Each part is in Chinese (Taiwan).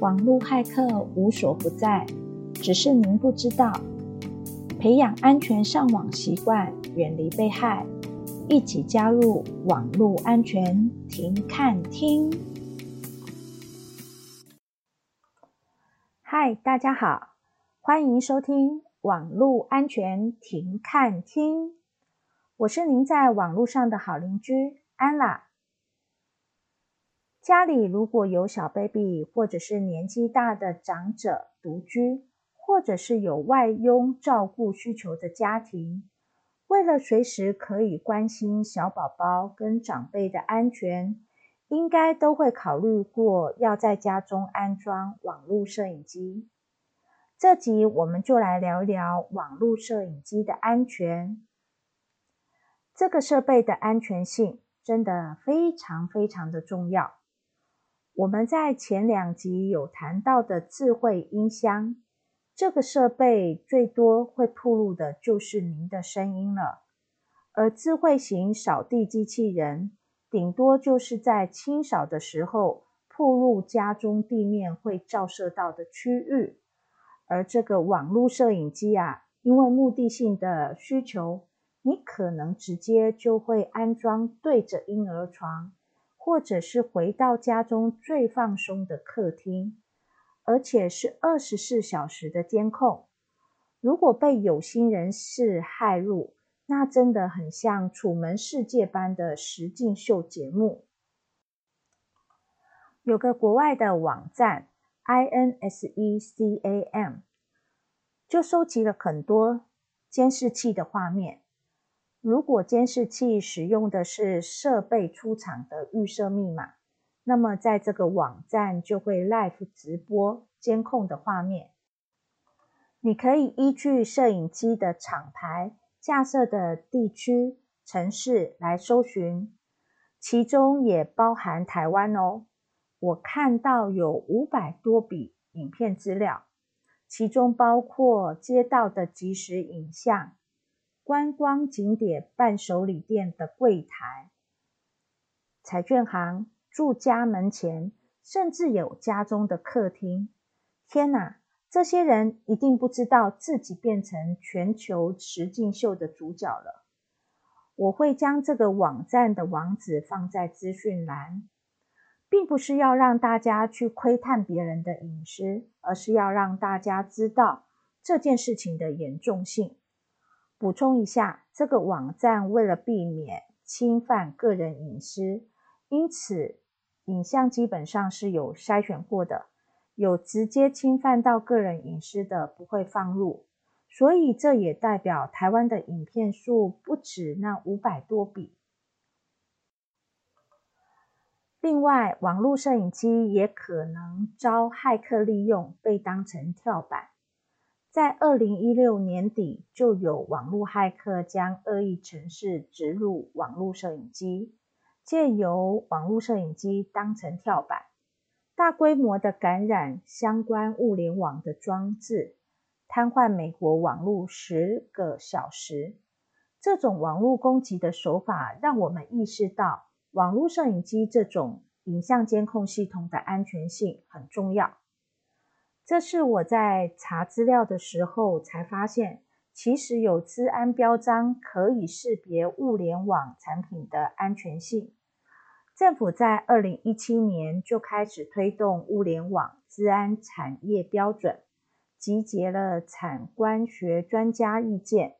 網絡駭客無所不在，只是您不知道。培養安全上網習慣，遠離被害，一起加入網絡安全停看聽。嗨，Hi, 大家好，歡迎收聽網絡安全停看聽，我是您在網絡上的好鄰居安娜。Anna。家裡如果有小 baby，或者是年紀大的長者獨居，或者是有外傭照顧需求的家庭，為了隨時可以關心小寶寶跟長輩的安全，應該都會考慮過要在家中安裝網絡攝影機。這集我們就來聊一聊網絡攝影機的安全。這個設備的安全性真的非常非常的重要。我們在前兩集有談到的智慧音箱，這個設備最多會曝露的就是您的聲音了。而智慧型掃地機器人，頂多就是在清掃的時候曝露家中地面會照射到的區域。而這個網路攝影機啊，因為目的性的需求，你可能直接就會安裝對着嬰兒床。或者是回到家中最放鬆的客廳，而且是二十四小時的監控。如果被有心人士駭入，那真的很像《楚門世界》般的實境秀節目。有個國外的網站 I N S E C A M 就收集了很多監視器的畫面。如果監視器使用的是設備出廠的預設密碼，那麼在這個網站就會 live 直播監控的畫面。你可以依據攝影機的廠牌、架設的地區、城市來搜尋，其中也包含台灣哦。我看到有五百多筆影片資料，其中包括街道的即時影像。觀光景點、伴手禮店的櫃台、彩券行、住家門前，甚至有家中的客廳。天哪，這些人一定不知道自己變成全球實境秀的主角了。我會將這個網站的網址放在資訊欄，並不是要讓大家去窺探別人的隱私，而是要讓大家知道這件事情的嚴重性。補充一下，這個網站為了避免侵犯個人隱私，因此影像基本上是有篩選過的，有直接侵犯到個人隱私的不會放入。所以這也代表台灣的影片數不止那五百多筆。另外，網路攝影機也可能遭駭客利用，被當成跳板。在二零一六年底，就有網絡駭客將惡意程式植入網絡攝影機，藉由網絡攝影機當成跳板，大規模的感染相關物聯網的裝置，癱瘓美國網路十個小時。這種網絡攻擊的手法，讓我們意識到網絡攝影機這種影像監控系統的安全性很重要。這是我在查資料的時候才發現，其實有資安標章可以識別物聯網產品的安全性。政府在二零一七年就開始推動物聯網資安產業標準，集結了產官學專家意見，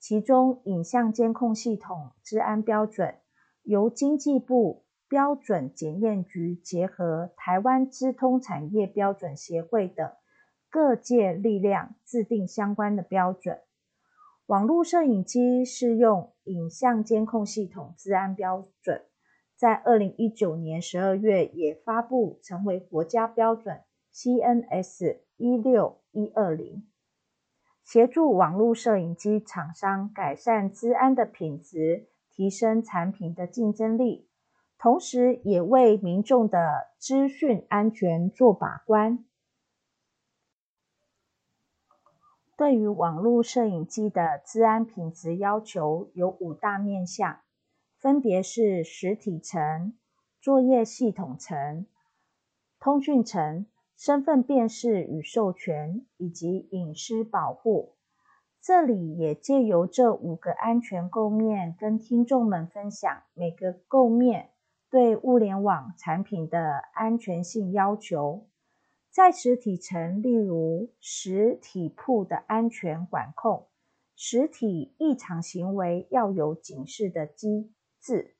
其中影像監控系統資安標準由經濟部。標準檢驗局結合台灣資通產業標準協會等各界力量，制定相關的標準。網絡攝影機適用影像監控系統資安標準，在二零一九年十二月也發布成為國家標準 CNS 一六一二零，協助網絡攝影機廠商改善資安的品質，提升產品的競爭力。同時，也為民眾的資訊安全做把關。對於網絡攝影機的資安品質要求有五大面向，分別是實體層、作業系統層、通訊層、身份辨識與授權以及隱私保護。這裡也借由這五個安全構面，跟聽眾們分享每個構面，對物聯網產品的安全性要求，在實體層，例如實體埠的安全管控，實體異常行為要有警示的機制。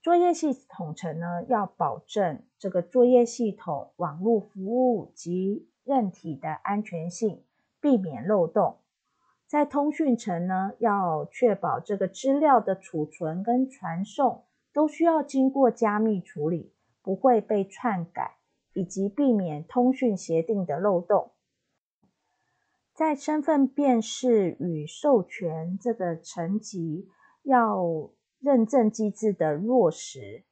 作業系統層呢，要保證這個作業系統、網路服務及韌體的安全性，避免漏洞。在通訊層呢，要確保這個資料的儲存跟傳送。都需要經過加密處理，不會被篡改，以及避免通訊協定的漏洞。在身份辨識與授權這個層級，要認證機制的落實、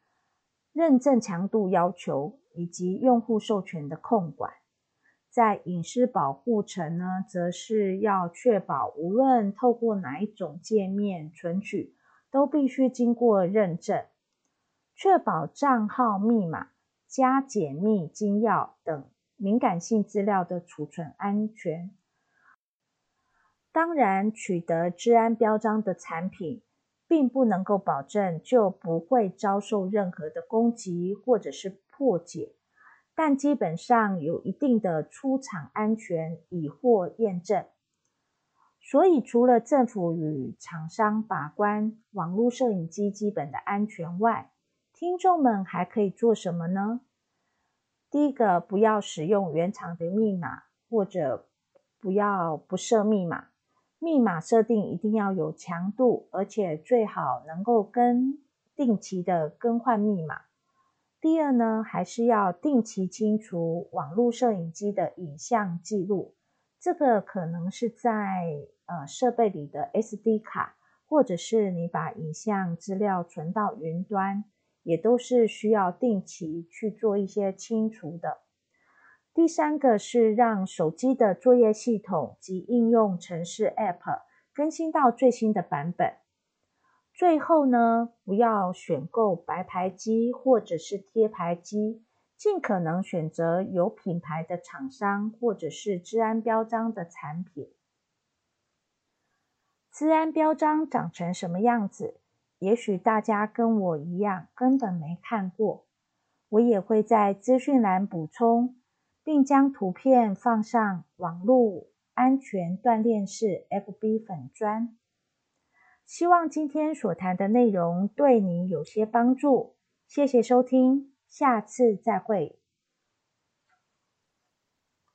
認證強度要求，以及用戶授權的控管。在隱私保護層呢，則是要確保無論透過哪一種界面存取。都必須經過認證，確保賬號密碼、加解密、金鑰等敏感性資料的儲存安全。當然，取得資安標章的產品，並不能夠保證就不會遭受任何的攻擊或者是破解，但基本上有一定的出廠安全已獲驗證。所以，除了政府與廠商把關網絡攝影機基本的安全外，聽眾們還可以做什麼呢？第一個，不要使用原廠的密碼，或者不要不設密碼。密碼設定一定要有強度，而且最好能夠跟定期的更換密碼。第二呢，還是要定期清除網絡攝影機的影像記錄。這個可能是在呃設備裡的 SD 卡，或者是你把影像資料存到雲端，也都是需要定期去做一些清除的。第三個是讓手機的作業系統及應用程式 App 更新到最新的版本。最後呢，不要選購白牌機或者是貼牌機。盡可能選擇有品牌的廠商，或者是資安標章的產品。資安標章長成什麼樣子？也許大家跟我一樣，根本沒看過。我也會在資訊欄補充，並將圖片放上網絡安全鍛鍊室 FB 粉專。希望今天所談的內容對你有些幫助。謝謝收聽。下次再會。